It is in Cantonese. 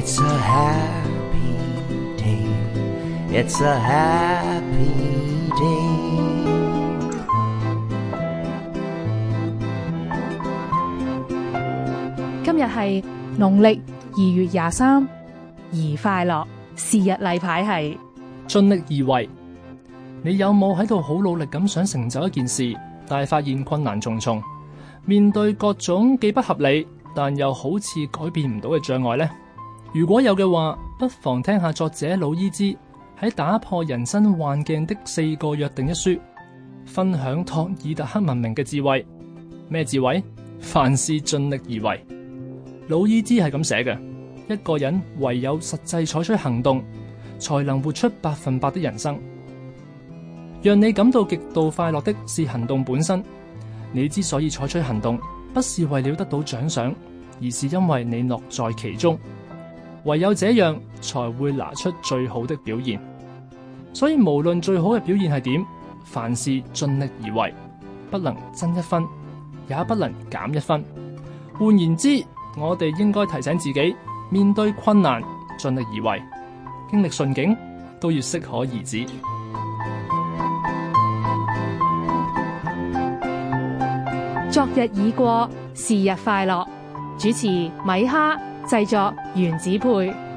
今日係農曆二月廿三。而快樂是日例牌係盡力而為。你有冇喺度好努力咁想成就一件事，但係發現困難重重，面對各種既不合理但又好似改變唔到嘅障礙呢？如果有嘅話，不妨聽下作者魯伊茲喺《打破人生幻境的四個約定》一書，分享托爾特克文明嘅智慧。咩智慧？凡事盡力而為。魯伊茲係咁寫嘅：一個人唯有實際採取行動，才能活出百分百的人生。讓你感到極度快樂的是行動本身。你之所以採取行動，不是為了得到獎賞，而是因為你樂在其中。唯有這樣才會拿出最好的表現，所以無論最好嘅表現係點，凡事盡力而為，不能增一分，也不能減一分。換言之，我哋應該提醒自己，面對困難盡力而為，經歷順境都要適可而止。昨日已過，是日快樂。主持米哈。製作原子配。